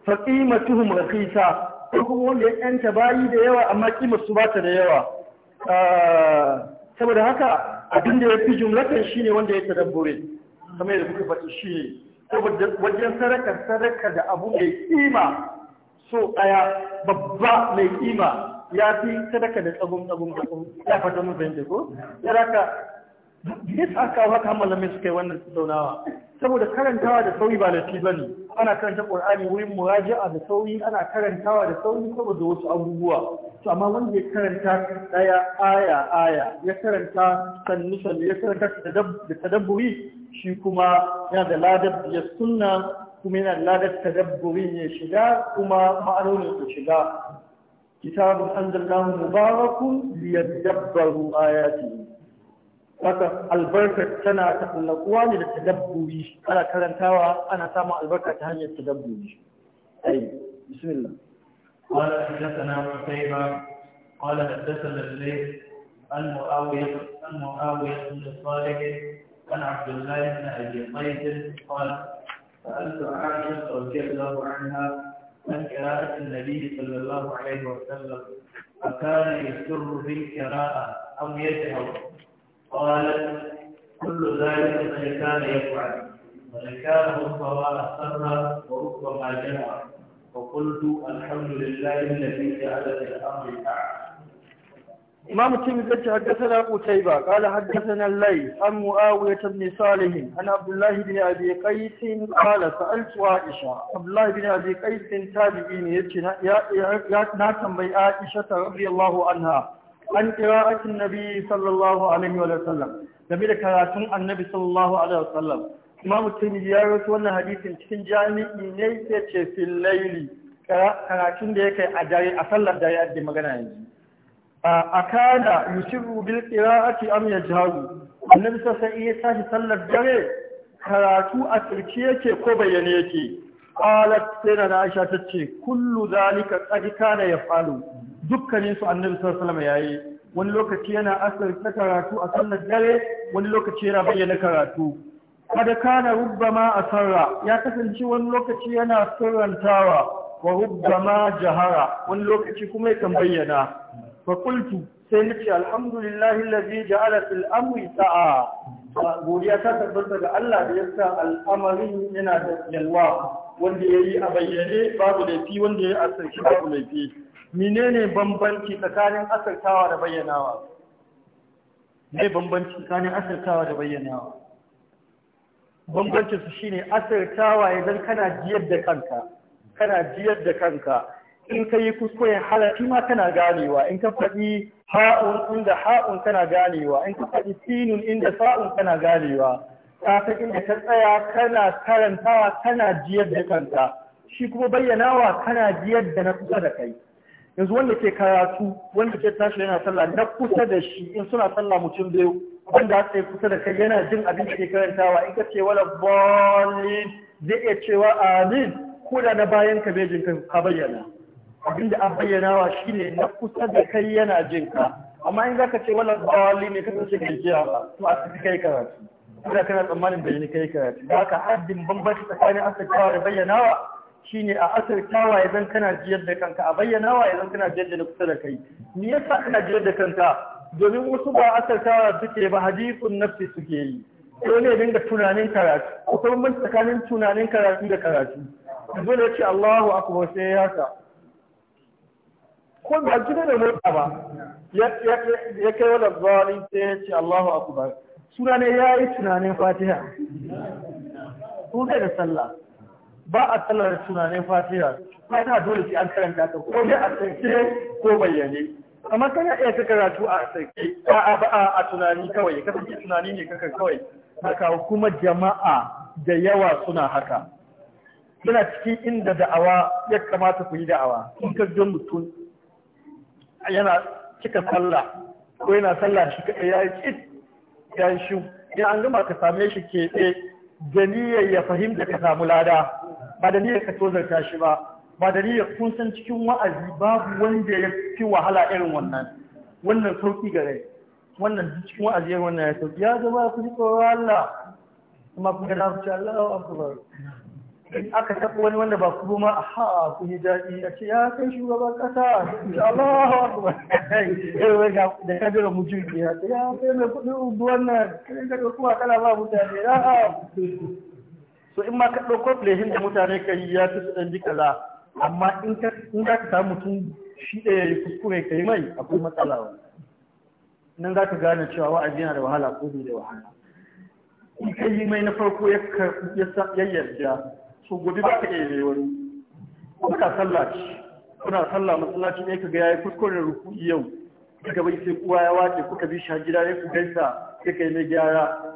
fa qimatuhum rakhisa ko kuma wanda ya yanta bayi da yawa amma kimar su bata da yawa ah, saboda haka abin da ya fi jumlatan shine wanda ya tadabbure kamar yadda kuka faɗi shi saboda wajen sadaka sadaka da abu mai kima so ɗaya babba mai kima ya fi sadaka da tsagun tsagun tsagun ya fata mun fahimta ko sadaka ne sa kawo haka malamai suka yi wannan zaunawa saboda karantawa da sauri ba laifi ba ne ana karanta ƙur'ani wurin muraja'a da sauri ana karantawa da sauri saboda wasu abubuwa to amma wanda ya karanta ɗaya aya aya ya karanta sannu sannu ya karanta da tadabburi shi kuma yana da ladab ya sunna kuma yana da ladab tadabburin ya shiga kuma ma'anonin ya shiga kitabun anzalnahu mubarakun liyadabbaru ayatihi Haka albarkar tana takullakuwa ne da tadabburi ana karantawa ana samun albarka ta hanyar tadabburi. Ai, bismillah. قال حدثنا قتيبة قال حدثنا الليث عن معاوية عن معاوية بن صالح عن عبد الله بن أبي قيس قال سألت عائشة رضي الله عنها عن قراءة النبي صلى الله عليه وسلم أكان يسر بالقراءة أم يجهر قالت كل ذلك من كان يفعل ومن كان ربما أسر وربما جمع وقلت الحمد لله الذي جعل في الأمر أعلى إمام الترمذي حدثنا قتيبة قال حدثنا الليث عن معاوية بن صالح عن عبد الله بن أبي قيس قال سألت عائشة عبد الله بن أبي قيس تابعين يا يا يا ناتم عائشة رضي الله عنها an Akin nabi sallallahu alaihi wa sallam game da karatun annabi sallallahu alaihi wa sallam imamu tirmidhi ya rawaito wannan hadisin cikin jami'i ne ce fil layli karatun da yake a dare a sallar dare da magana yanzu Kana, yusiru bil qira'ati am yajharu annabi sallallahu alaihi ya tashi sallar dare karatu a tsirki yake ko bayyane yake qalat sai na Aisha tace kullu zalika qad kana yafalu dukkanin su annabi sallallahu alaihi yayi wani lokaci yana asar karatu a sallar dare wani lokaci yana bayyana karatu kada kana rubbama asarra ya kasance wani lokaci yana sirrantawa wa rubbama jahara wani lokaci kuma ya bayyana fa qultu sai nace alhamdulillahi allazi ja'ala fil amri sa'a godiya ta tabbata ga Allah da yasa al'amarin yana da yalwa wanda yayi a bayyane babu laifi wanda yayi asirci babu laifi menene bambanci tsakanin asirtawa da bayyanawa ne bambanci tsakanin asirtawa da bayyanawa bambancin su shine asirtawa idan kana jiyar da kanka kana jiyar da kanka in ka yi kuskure halafi ma kana ganewa in ka faɗi ha'un inda ha'un kana ganewa in ka faɗi sinun inda sa'un kana ganewa ka inda ka tsaya kana karantawa kana jiyar da kanka shi kuma bayyanawa kana jiyar da na kusa da kai yanzu wanda ke karatu wanda ke tashi yana sallah na kusa da shi in suna sallah mutum biyu wanda aka yi kusa da kai yana jin abin da ke karantawa in ka ce wala bolin zai iya cewa amin ko da na bayan ka bai jinka ka bayyana abin da an bayyanawa ne na kusa da kai yana jinka amma in za ka ce wala bolin ne ka ce kai jiya ba to a kai karatu kuma kana tsammanin bayyana kai karatu ka haddin bambanci tsakanin asakawa da bayyanawa ne a asirta wa idan kana jiyar da kanka a bayyana wa idan kana jiyar da kusa da kai me yasa kana jiyar da kanka domin wasu ba asirtawa suke ba hadithun nafsi suke yi ko ne dinga tunanin karatu kuma mun tsakanin tunanin karatu da karatu dole ce Allahu akbar sai ya sa ko ba gida da motsa ba ya kai wa zalim sai ya ce Allahu akbar sura ne yayi tunanin Fatiha ko da sallah ba a tsallar tunanin fatiha ta dole sai an karanta ta ko ne a sarki ko bayyane amma kana iya ka karatu a sarki Ba a tunani kawai ka sarki tunani ne kaka kawai haka kuma jama'a da yawa suna haka suna cikin inda da'awa ya kamata ku yi da'awa in ka ga mutum yana cika sallah ko yana sallah shi kaɗai ya yi shi in an gama ka same shi keɓe da ya fahimta ka samu lada ba da niyyar ka tozarta shi ba ba da niyyar kun san cikin wa'azi babu wanda ya fi wahala irin wannan wannan sauki rai, wannan cikin wa'azi irin wannan ya sauki ya zama ku ji tsoron Allah kuma kun ga nafi Allahu akbar in aka taɓa wani wanda ba ku ma a ha ku yi daɗi a ce ya kai shugaban ƙasa Allahu akbar irin da ka jira mu ce ya kai mai kuɗin wannan, nan kai ga kuma kana ba mutane ya so in ma ka ɗauko plehin da mutane ka yi ya fi su ɗan kaza amma in ka za ka samu mutum shi ɗaya ya kuskure ka yi mai akwai matsala wa nan za ka gane cewa wa'azi yana da wahala ko bai da wahala in ka yi mai na farko ya yarda so gobe ba ka iya yi wani kuna sallah ce kuna sallah masallaci ne ka ga ya yi kuskure ruku'i yau daga bai sai kowa ya wace kuka bi shi gida ya ku gaisa sai mai gyara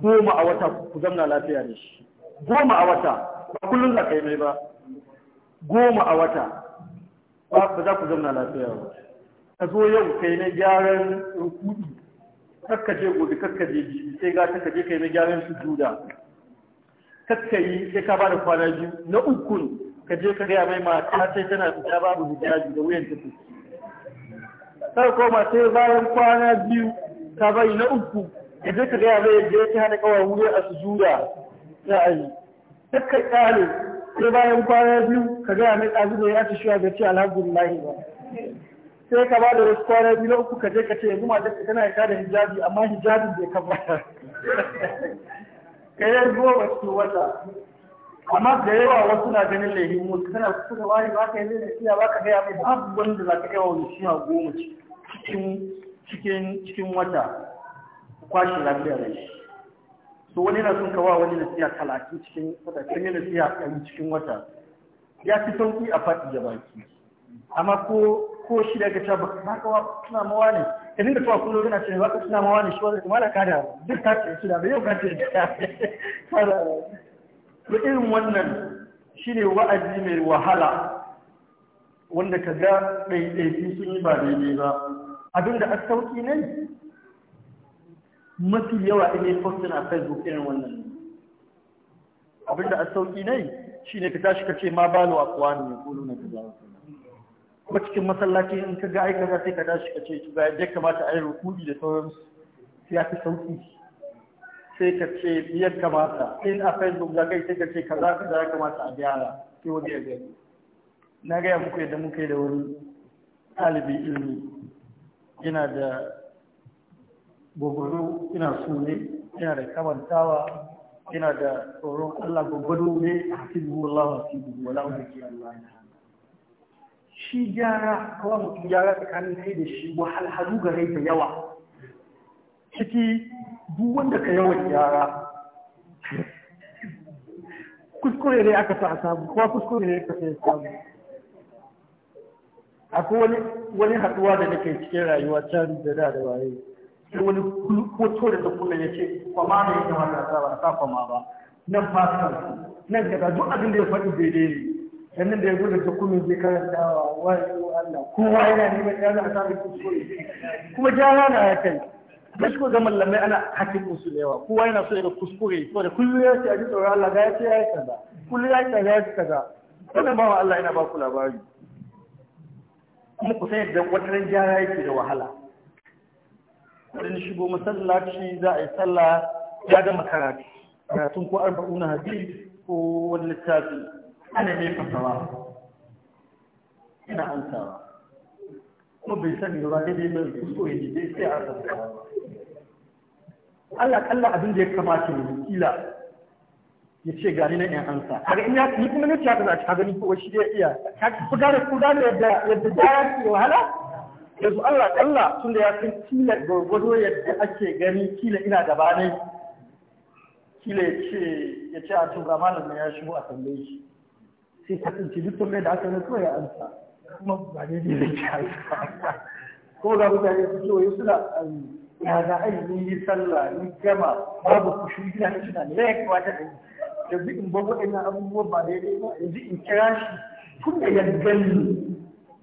goma a wata ku zamna lafiya da shi goma a wata ba kullum za ka yi mai ba goma a wata ba za ku zamna lafiya ba ka zo yau ka yi na gyaran rukudi kakka je gobe kakka je ji sai ga ka je yi na gyaran su juda kakka yi sai ka bada kwana biyu na ukun ka je ka gaya mai mata sai tana fita babu hijabi da wuyan ta Kar koma sai bayan kwana biyu ta bai na uku da ka gaya mai yadda ci hana kawai wuri a su za a yi Dukkan kyale sai bayan kwana biyu ka gaya mai ɗazu da ya ci shiwa da ce alhamdulillahi ba sai ka ba da wasu kwana biyu na uku ka je ka ce yanzu matar ka tana ka da hijabi amma hijabi bai kama ka yi zuwa wasu wata amma da yawa wasu na ganin laifin mutu kana suka wani ba ka yi laifin ba ka gaya mai babu wanda za ka yawa wani a goma cikin cikin wata kwashe lafiya rai so wani yana son kawo wani nasiya talatin cikin wata kan yi nasiya ɗari cikin wata ya fi sauƙi a faɗi da baki amma ko ko shi daga ta ba kawo suna mawa ne ka dinga tuwa kullum yana cewa ba suna mawa ne shi wanda kuma da kada duk ta ce shi da yau ka ce kada to irin wannan shi ne wa'azi mai wahala wanda ka ga ɗaiɗaiɗi sun yi ba daidai ba abinda a sauƙi ne mafi yawa in yi postin a facebook irin wannan Abin da a sauki ne shi ne ka tashi ka ce ma balo a kuwa ne kulu na kaza kuma cikin masallaci in ka ga aika za sai ka tashi ka ce ga yadda kamata a yi rukudi da sauran su ya fi sauki sai ka ce biyar kamata in a facebook za ka yi sai ka ce kaza kaza ya kamata a gyara sai wani ya gani na gaya muku yadda muka yi da wani ɗalibi ilimi yana da gogoro ina so ne ina da kamantawa ina da tsoron Allah gogoro ne a cikin Allah wa hasibu wala wanda ke Allah ya shi gyara kawai mutum gyara tsakanin kai da shi wahalhalu gare da yawa ciki duk wanda ka yawan gyara kuskure ne aka sa samu kuma kuskure ne aka sa samu akwai wani haɗuwa da nake cikin rayuwa can da da da waye sai wani da ya ce kwama ne ya a saba ta kwama ba nan ba nan duk abin da ya faɗi daidai ne da ya zo da takunan zai karanta wa wani Allah kowa yana neman ya a samu kuskure kuma na ya kai gashi ko ana hakin musu da yawa kowa yana so ya kuskure so da kullum ya ce a ji tsoron Allah ya ce ya yi kaza kullum ya yi kaza ya ce kaza wannan Allah yana ba ku labari kuma ku san yadda wata ran jara yake da wahala wurin shigo masallaci za a yi sallah ya gama karatu karatun ko arba'una hadis ko wani littafi ana ne fasawa ina ansawa kuma bai sani ba daidai mai kuskure ne dai sai a fasawa Allah kalla abin da ya kamata ne kila ya ce gani na yan ansa kaga in ya ni kuma ne ta za ta gani ko shi dai iya ka ku gane ku gane yadda yadda da ya wahala yanzu Allah Allah tunda ya san kila gwargwado yadda ake gani kila ina gaba ne kila ya ce ya ce a tura malam ya shigo a tambaye shi sai ta tsinci duk tambaye da aka yi ya amsa kuma ba ne ne da ke amsa ko ga mutane su ce suna ya za a yi yi sallah ni gama babu kushu gina ne suna ne ya kamata da yi yanzu in babu ina abubuwan ba daidai ba yanzu in kira shi tun da ya gani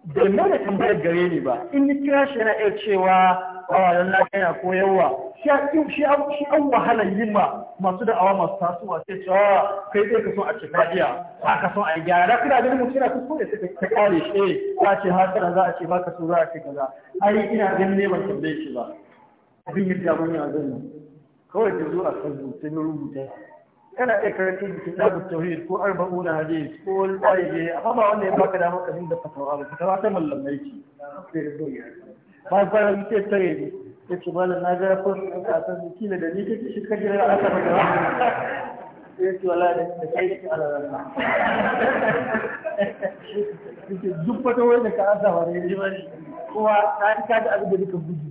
bai mai da tambayar gare ni ba in ni kira shi yana iya cewa don lafiya ko yawa. shi an wahala yi ma masu da awa masu tasowa sai cewa kai zai ka a cika iya ba ka son a yi gyara kuna gani mutum yana kuskure sai ta kare shi ba eh, ce hasara za a ce ba ka so za a ce kaza ai ina ganin ne ban tambaye shi ba abin yadda mun yi a kawai ta zuwa a kan sai na rubuta kana iya karanta bikin zabu tauhid ko arba'un hadis ko wani tsaye amma ba wanda ya baka dama ka dinga fatawa ba fatawa ta mallamai ce ba fara muke tare ne ya ce ba na ga fasu a san kila da ni kake shi kaje na aka fata ba ya ce wala da kai da alarama duk wani da ka asa ba ne Kuma ne kowa ta ka da abin da duka gudu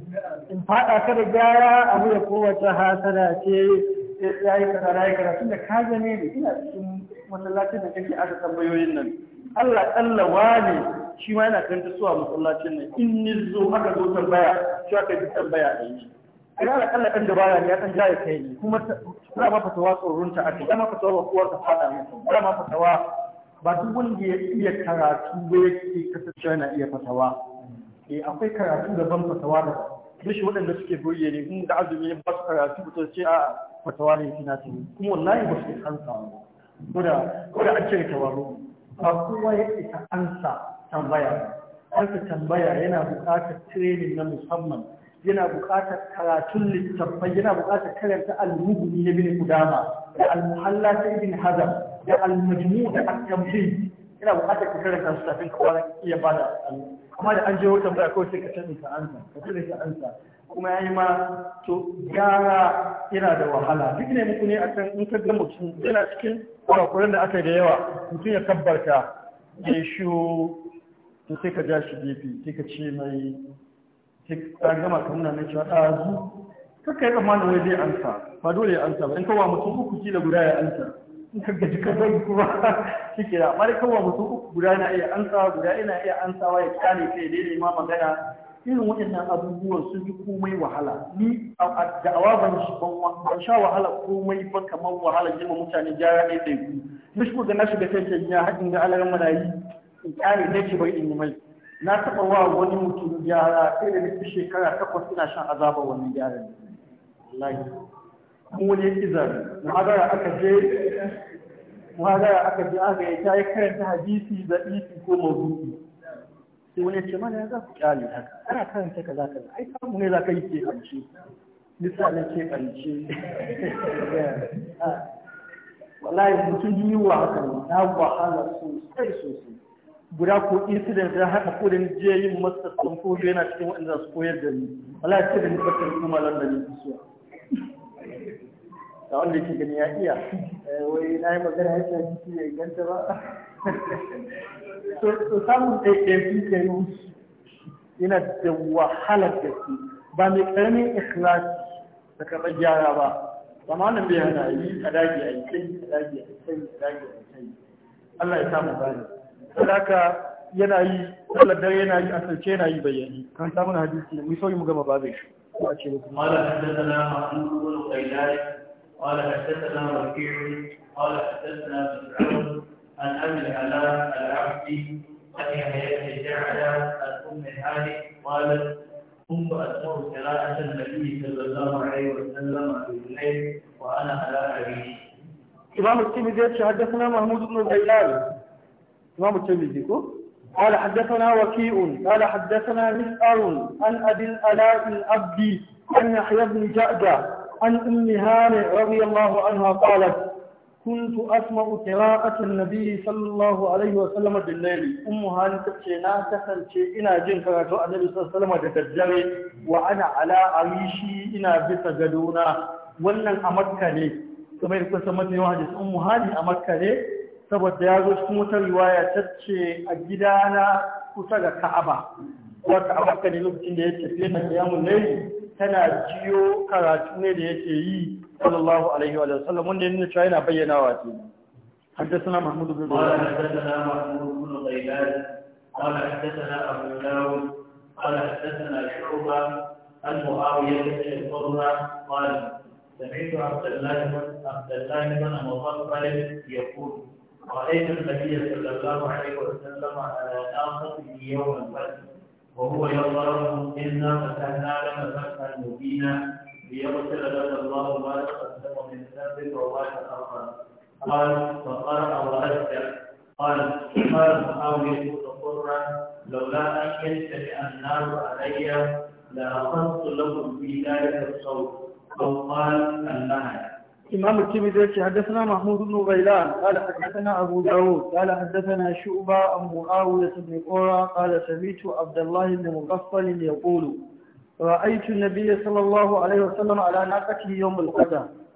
in fada kada da gara abu da kowace hasara ce ya yi kaza na yi kaza tun da ka zane ne ina cikin masallacin da kake aka tambayoyin nan Allah kalla wani shi ma yana kan zuwa masallacin nan in ni zo aka zo tambaya shi aka ji tambaya ne ai Allah kalla kan da baya ne ya kan jaye kai ne kuma za ma fatawa tsoron ta aka ma fatawa ba kuwar ta fada musu za ma fatawa ba duk wanda ya iya karatu ba yake kasancewa yana iya fatawa eh akwai karatu daban fatawa da duk waɗanda suke burge ne da azumi ba su karatu ba to ce a'a. fatawa ne suna ta yi kuma wallahi ba su ansa ko da koda da an cire tawaru ba kowa ya isa ansa tambaya ansa tambaya yana buƙatar training na musamman yana buƙatar karatun littattafai yana buƙatar karanta al-mughni na bin kudama da al-muhalla ta ibn hazm da al-majmu' da at-tamhid yana buƙatar ka karanta su kafin ka fara iya bada amma da an je wata ba kawai sai ka ka ansa ka tantance ansa kuma ya yi ma to gyara yana da wahala duk ne muku ne kan in ka ga mutum yana cikin kurakuran da aka yi da yawa mutum ya kabbarta ya shi to sai ka ja shi gefe sai ka ce mai sai ka gama ka nuna mai cewa ɗazu kakka yi tsammanin wani zai ansa ba dole ya ansa ba in kawo mutum uku kila guda ya ansa in ka gaji ka zai kuma shi ke da Amma da kawo mutum uku guda na iya ansa guda ina iya ansawa ya kyale sai daidai ma magana irin waɗannan abubuwan sun yi komai wahala ni a da'awa ban shi ban sha wahala komai ba kamar wahala jima mutane gyara ne da yi ni shi ga na shiga kankan ya haɗin ga alaran marayi in ƙare ne ce bai in yi mai na taɓa wa wani mutum gyara sai da nufi shekara takwas ina shan azaba wallahi kuma wani ya ne. zabi aka je muhadara aka je aka yi ta yi karanta hadisi da isi ko mazuki sai wani ya ce mana za ku kyale haka ana karanta kaza kaza ai samu ne za ka yi ke kance misalin ke kance wallahi mutum yi wa haka ne na wahala sosai sosai guda ko incident da haka ko da je yin master ko yana cikin wanda su koyar da ni wallahi sai da ni bakar kuma London ne kusuwa ga wanda ke gani ya iya eh, wai na yi magana ya shafi shi ne ganta ba So samun ɗaiɗaifi ka yi yana da wahalar gaske ba mai ƙaramin ikhlas da karɓar gyara ba amma wannan bai hana yi a dage a yi kai a dage a kai a dage a kai Allah ya samu bani saboda yana yi sallar dare yana yi asirce yana yi bayani kan samun hadisi mu sauyi mu gama babu. shi a ce mutum malam haddana ma'amu wani ƙailari قال حدثنا وكيع قال حدثنا مسعود عن ابي العلاء العبدي عن يحيى بن جعل عن ام هانئ قالت كنت اسمع قراءه النبي صلى الله عليه وسلم في الليل وانا على ابيه إمام الترمذي حدثنا محمود بن الغيلان إمام الترمذي قال حدثنا وكيء قال حدثنا مسأل عن أبي الألاء الأبدي عن يحيى بن جأجة عن أم هانئ رضي الله عنها قالت كنت أسمع قراءة النبي صلى الله عليه وسلم بالليل أم هانئ تبشينا تسل شيء إنا جن كراتو النبي صلى الله عليه وسلم تتجري وأنا على عيشي إنا بسجدونا wannan a makka ne kamar kuka san mai hadis ummu hali a makka ne saboda ya zo cikin wata riwaya tacce a gidana kusa ga ka'aba wata a makka lokacin da yake kema kiyamun laili tana jiyo karatu ne da yake yi sallallahu alaihi wa sallam wanda yana cewa yana bayyanawa ce حدثنا محمود بن قال حدثنا محمود بن غيلان قال حدثنا ابو داود قال حدثنا شعبه عن معاويه بن قرره قال سمعت عبد الله بن عبد الله بن مغفل يقول رايت النبي صلى الله عليه وسلم على ناقته يوم الفتح وهو يضرب إنا فتحنا لك فتحا مبينا ليغسل لك الله ما تقدم من ذنبك وما تأخر قال فقرأ ورجع قال قال معاوية تقرا لولا أن يجتمع النار علي لأخذت لكم في ذلك الصوت أو قال اللعنة إمام الترمذي حدثنا محمود بن غيلان قال حدثنا أبو داود قال حدثنا شعبة عن معاوية بن قرة قال سمعت عبد الله بن مغفل يقول رأيت النبي صلى الله عليه وسلم على ناقته يوم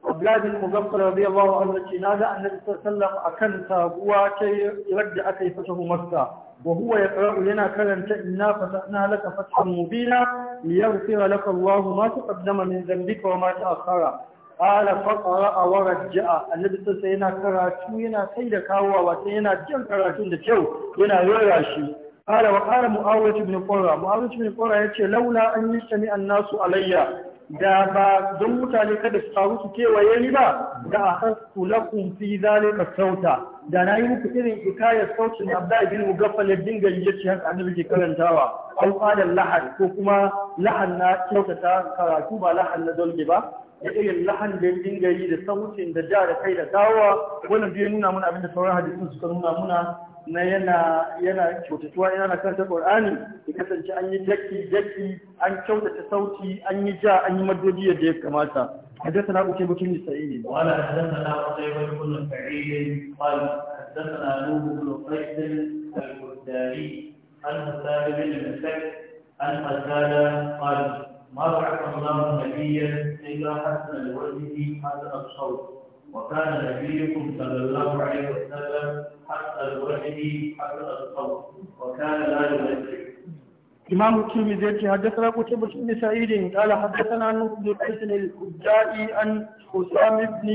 Abdullahi bin Muzaffar radiyallahu anhu ce na ga Annabi sallallahu akan sabuwa ta yadda aka yi fatahu Makka wa huwa yaqra'u yana karanta ina fatahna laka fathan mubina liyaghfira laka Allahu ma taqaddama min dhanbika wa ƙala faƙara a warar ji'a annabi sassa yana karatu yana kai da kawowa wata yana jan karatun da kyau yana rera shi ƙala wa ƙala mu'awar ibn qura mu'awar ibn ya ce laula an yi sami an nasu alayya da ba don mutane kada su taru su kewaye ni ba da a hasu lakum fi zalika sauta da na yi muku irin ikayar sautin abda ibn mugaffal ya dinga yace har annabi ke karantawa an fadar lahar ko kuma lahan na kyautata karatu ba lahan na dolge ba da irin lahan da dinga yi da sautin da ja da kai da gawa wannan biyu nuna mana abinda sauran hadisin suka nuna muna na yana yana kyautatuwa yana karanta Qur'ani ya kasance an yi daki daki an kyautata sauti an yi ja an yi madodi yadda ya kamata حدثنا أبو كيبو كيمي السعيدي قال حدثنا قتيبة بن سعيد قال حدثنا نوح بن قيس الكرداري عن حسان بن مسك عن قال ما بعث الله نبيا إلا حسن الوجه حسن الصوت وكان نبيكم صلى الله عليه وسلم حسن الوجه حسن الصوت وكان لا يمثل إمام الترمذي يأتي حدثنا قتيبة بن سعيد قال حدثنا نصر بن حسن الخزاعي عن حسام بن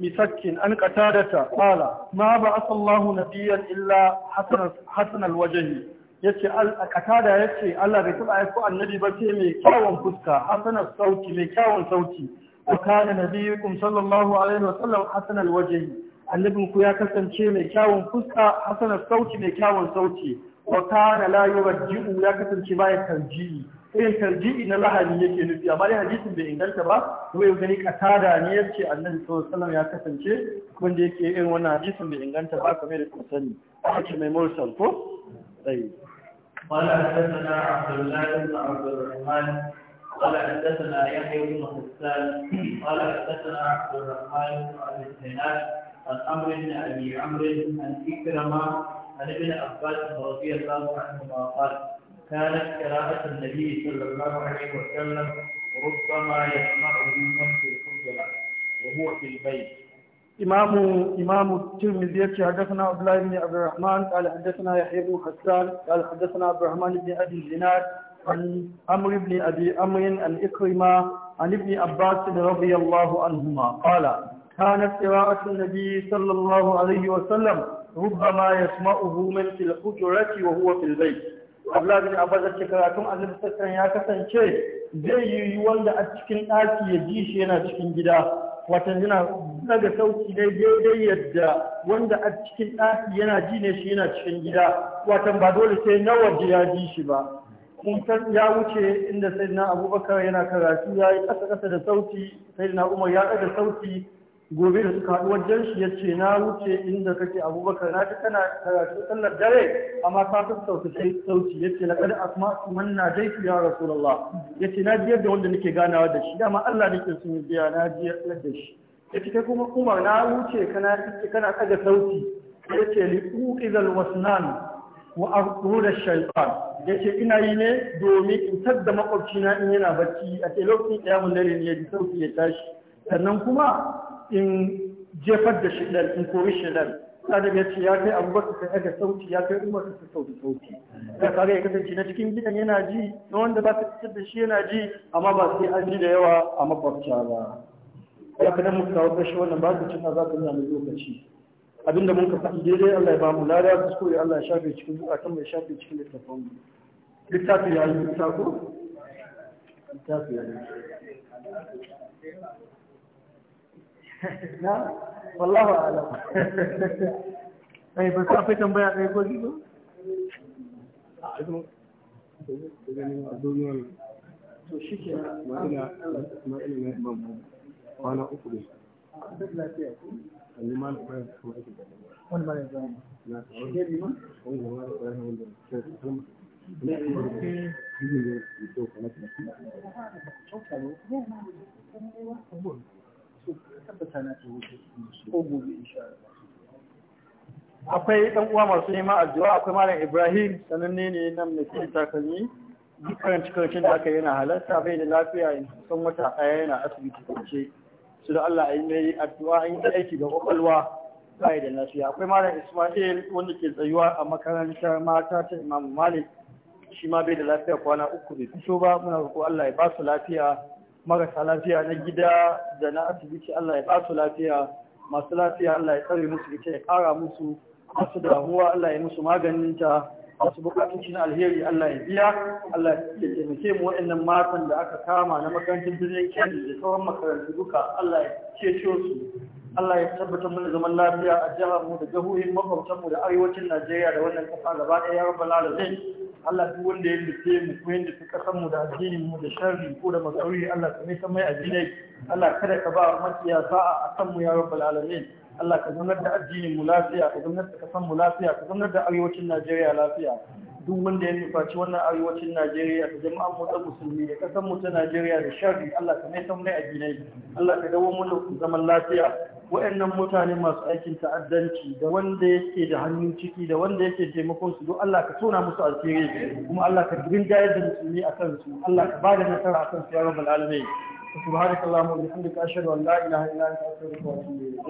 مسكن عن قتادة قال ما بعث الله نبيا إلا حسن حسن الوجه yace katada yace Allah bai taba aiko annabi ba sai mai kyawun fuska hasana sauti mai kyawun sauti wa kana nabiyukum sallallahu alaihi wa sallam hasanal wajhi annabin ku ya kasance mai kyawun fuska hasanar sauti mai kyawun sauti wa kana la yurji'u ya kasance baya tarji. irin tarji na lahani yake nufi amma dai hadisin bai inganta ba kuma yau gani katada ne yace annabi sallallahu alaihi ya kasance wanda yake irin wannan hadisin bai inganta ba kamar da sani ake mai mursal ko tsayi قال حدثنا عبد الله بن عبد الرحمن قال حدثنا يحيى بن حسان قال حدثنا عبد الرحمن بن ابي الزناد عن عمر بن ابي عمرو عن اكرمه عن ابن عباس رضي الله عنهما قال كانت قراءة النبي صلى الله عليه وسلم ربما يسمعه من في الحجرة وهو في البيت إمام إمام الترمذي يحكي حدثنا عبد الله بن عبد الرحمن قال حدثنا يحيى بن حسان قال حدثنا عبد الرحمن بن أبي الزناد عن عمرو بن أبي عمرو عن إكرمة عن ابن عباس رضي الله عنهما قال كانت قراءة النبي صلى الله عليه وسلم ربما يسمعه من في الحجرة وهو في البيت Abdullahi bin Abbas ce karatun Annabi sallallahu ya kasance zai yi wanda a cikin ɗaki ya ji shi yana cikin gida watan yana daga sauki dai daidai yadda wanda a cikin ɗaki yana ji ne shi yana cikin gida watan ba dole sai na waje ya ji shi ba kuma ya wuce inda na abubakar yana karatu ya yi ƙasa ƙasa da sauti na umar ya ɗaga sauti gobe da suka haɗu wajen shi ya ce na wuce inda kake abubakar na ji kana karatu sallar dare amma ka sassauta sai sauki. ya ce laƙar asma manna dai su ya rasulallah ya ce na ji yadda wanda nake ganawa da shi dama allah nake sun biya na ji yadda shi ya kuma umar na wuce kana kada sauti ya ce liƙuƙizar wasnan wa arɗurar shaifan ya ce ina yi ne domin in tadda makwabcina in yana bacci a ce lokacin mun dare ne ya ji sauti ya tashi sannan kuma in jefar da shi dan in kori dan sai ya ce ya kai abubakar ka ɗaga sauti ya kai umar ka sauti sauti ka kare ya kasance na cikin gidan yana ji wanda ba ta fitar da shi yana ji amma ba sai an ji da yawa a makwabta ba ya kada mu kawo kashi wannan ba da cika za ka nuna mai lokaci abinda mun ka faɗi daidai Allah ya ba mu lada kuskure Allah ya shafe cikin kan mai shafe cikin littafin mu littafi ya yi littafi littafi ya yi na wallahu alam ai ba ka fitan baya kai ko gido to shi ke ma'ana ma'ana ma'ana kwana uku ne kuma ake wani na wani ke kuma akwai ɗan uwa masu neman addu'a akwai malam ibrahim sananne ne nan mai takalmi Dukkan karanci karancin da aka yana halarta bai da lafiya san wata ɗaya yana asibiti kwance su da Allah ya mai addu'a in aiki ga kwakwalwa bai da lafiya akwai malam Isma'il wanda ke tsayuwa a makarantar mata ta Imam Malik shi ma bai da lafiya kwana uku bai fito ba muna roƙo Allah ya ba su lafiya marasa lafiya na gida da na asibiti Allah ya ba su lafiya masu lafiya Allah ya tsare musu ita ya kara musu masu damuwa Allah ya musu maganinta masu bukatun na alheri Allah ya biya Allah ya taimake mu waɗannan matan da aka kama na makarantar birnin Kebbi da sauran makarantu duka Allah ya cece su Allah ya tabbatar mana zaman lafiya a jihar mu da jihohin makwabtan mu da arewacin Najeriya da wannan kasa gaba ɗaya ya rabbal alamin Allah duk wanda ya nufe mu ko ya nufi kasar mu da addinin mu da sharri ko da masauri Allah ka mai mai addinai Allah kada ka ba makiya a kan mu ya rabbal Allah ka zaunar da addinin mu lafiya ka zaunar da kasan mu lafiya ka zaunar da arewacin Najeriya lafiya duk wanda ya nufaci wannan arewacin Najeriya da jama'an mu da musulmi da kasan mu ta Najeriya da sharri Allah ka mai san mai addinai Allah ka dawo mu zaman lafiya waɗannan mutane masu aikin ta'addanci da wanda yake da hannun ciki da wanda yake taimakon su don Allah ka tona musu alheri kuma Allah ka rinjayar da musulmi akan su Allah ka bada nasara akan su ya rabbal alamin subhanakallahumma wa bihamdika ashhadu an la ilaha illa anta astaghfiruka wa atubu ilayk